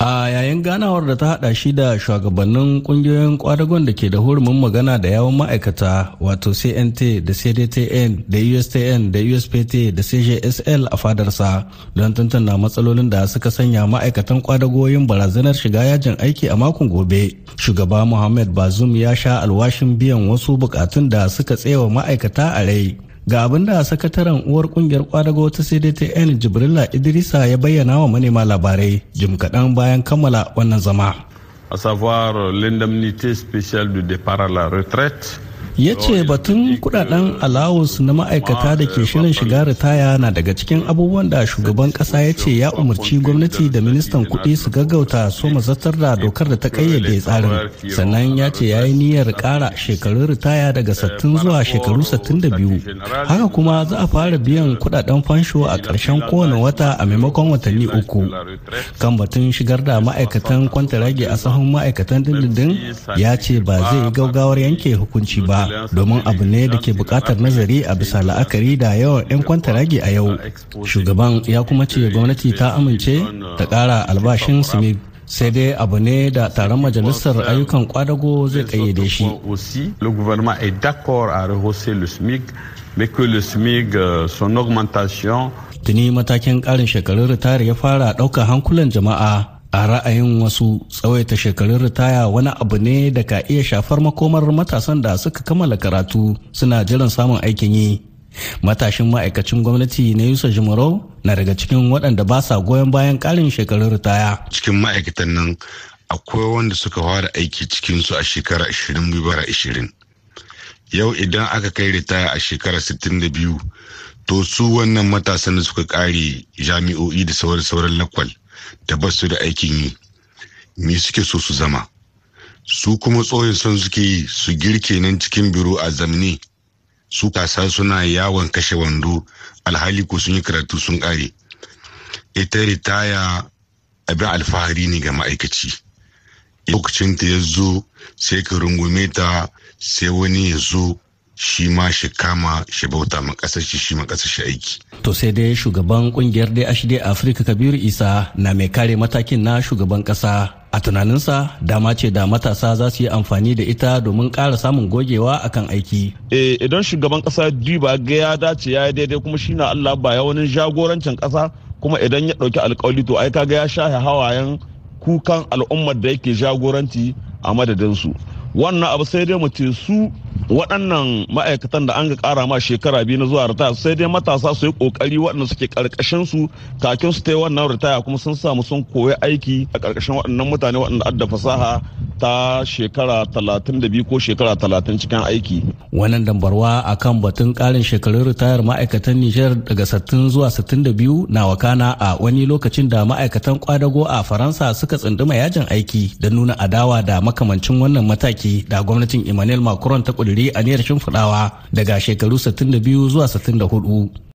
a yayin ganawar da ta hada shi da shugabannin kungiyoyin kwadagon da ke da hurumin magana da yawon ma'aikata wato cnt da cdtn da ustn da uspt da cjsl a fadarsa don tantana matsalolin da suka sanya ma'aikatan kwadagoyin barazanar shiga yajin aiki a makon gobe shugaba muhammad bazum ya sha alwashin biyan wasu bukatun da suka tsewa ma'aikata a rai ga abin da sakataren uwar kungiyar kwadago ta cdtn jibrila idrisa ya bayyana wa manema labarai jim kaɗan bayan kammala wannan zama a savoir l'indemnité spéciale du départ à la retraite ya ce batun kudaden alawus na ma'aikata da ke shirin shiga ritaya na daga cikin abubuwan da shugaban kasa ya ce ya umarci gwamnati da ministan kudi su gaggauta so mazatar da dokar da ta kayyade tsarin sannan ya ce ya yi niyyar kara shekarun ritaya daga sattin zuwa shekaru sattin da biyu haka kuma za a fara biyan kudaden fansho a ƙarshen kowane wata a maimakon watanni uku kan batun shigar da ma'aikatan kwantarage a sahun ma'aikatan dindindin ya ce ba zai yi gaugawar yanke hukunci ba domin abu ne da ke bukatar nazari a bisa la'akari da yawan 'yan kwantaragi a yau shugaban ya kuma ce gwamnati ta amince ta kara albashin smith sai dai abu ne da taron majalisar ayyukan kwadago zai kayyade shi euh, tuni matakin karin shekarun ritari ya fara ɗaukar hankulan jama'a a ra'ayin wasu tsawaita shekarun ritaya wani abu ne da ka iya shafar makomar matasan da suka kammala karatu suna jiran samun aikin yi matashin ma'aikacin gwamnati na yusa jimarau na daga cikin waɗanda ba sa goyon bayan ƙarin shekarun ritaya cikin ma'aikatan nan akwai wanda suka fara aiki cikinsu a shekara 2020. yau idan aka kai ritaya a shekara 62 to su wannan matasan da suka kare jami'o'i da sauran sauran lakwal da ba su da aikin yi me suke so su zama su kuma tsohon son suke yi su girke nan cikin biro a zamani. su kasa suna yawon kashe wando alhali ko sun yi karatu sun kare ita ritaya abin alfahari ne ga ma'aikaci lokacin ta ya zo sai ka rungume ta sai wani ya zo shi ma shi kama shi bauta ma kasar shi shi ma kasar shi aiki. To sai dai shugaban kungiyar dai Afirka Kabiru Isa na mai kare matakin na shugaban kasa a tunaninsa dama ce da matasa za su yi amfani da ita domin kara samun gogewa akan aiki. eh idan shugaban kasa duba ga ya dace ya daidai kuma shi na Allah ba ya wani jagorancin kasa kuma idan ya ɗauki alƙawari to ai kaga ya shahe hawayen kukan al'ummar da yake jagoranci a madadinsu. Wannan abu sai dai mu su waɗannan ma'aikatan da an ga ƙara ma shekara biyu na zuwa ritaya sai dai matasa su yi ƙoƙari waɗanda suke ƙarƙashin su kakin su ta yi wannan ritaya kuma sun samu sun koyi aiki a ƙarƙashin waɗannan mutane waɗanda adda fasaha ta shekara 32 ko shekara 30 cikin aiki. Wannan dambarwa a kan batun karin shekarun ritayar ma'aikatan Nijar daga 60 zuwa 62 na wakana a wani lokacin da ma'aikatan kwadago a Faransa suka tsunduma yajin aiki da nuna adawa da makamancin wannan mataki da gwamnatin Emmanuel Macron ta a aniyar shimfiɗawa daga shekaru 62 zuwa 64.